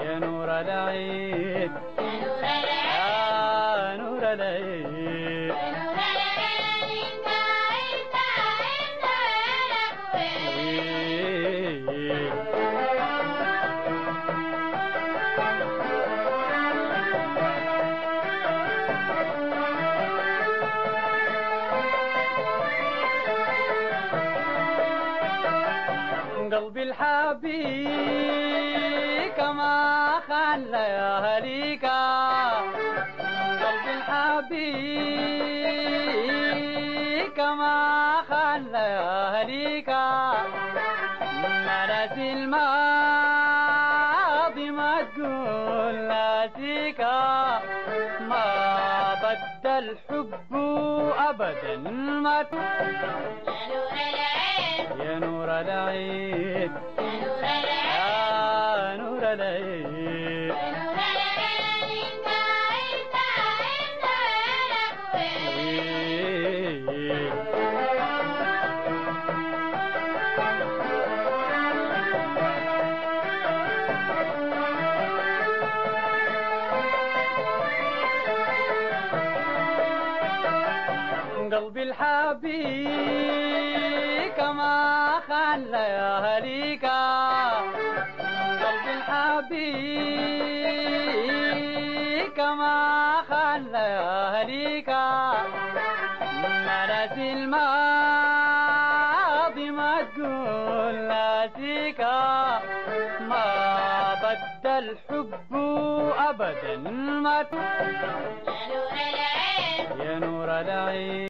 يا نور العيد يا نور العيد يا نور العيد قلبي الحبيب كما خان لياليك من قلبي الحبيب كما خان لياليك ناس الماضي ما تقول ناسيك ما بدل حبه أبدا ما تقول نور العيد يا نور العيد آه، قلبي الحبيب يا لياليك قلبي الحبيب كما خان ما ناسي الماضي ما تقول ناسيك ما بدل حب أبدا ما يا نور العين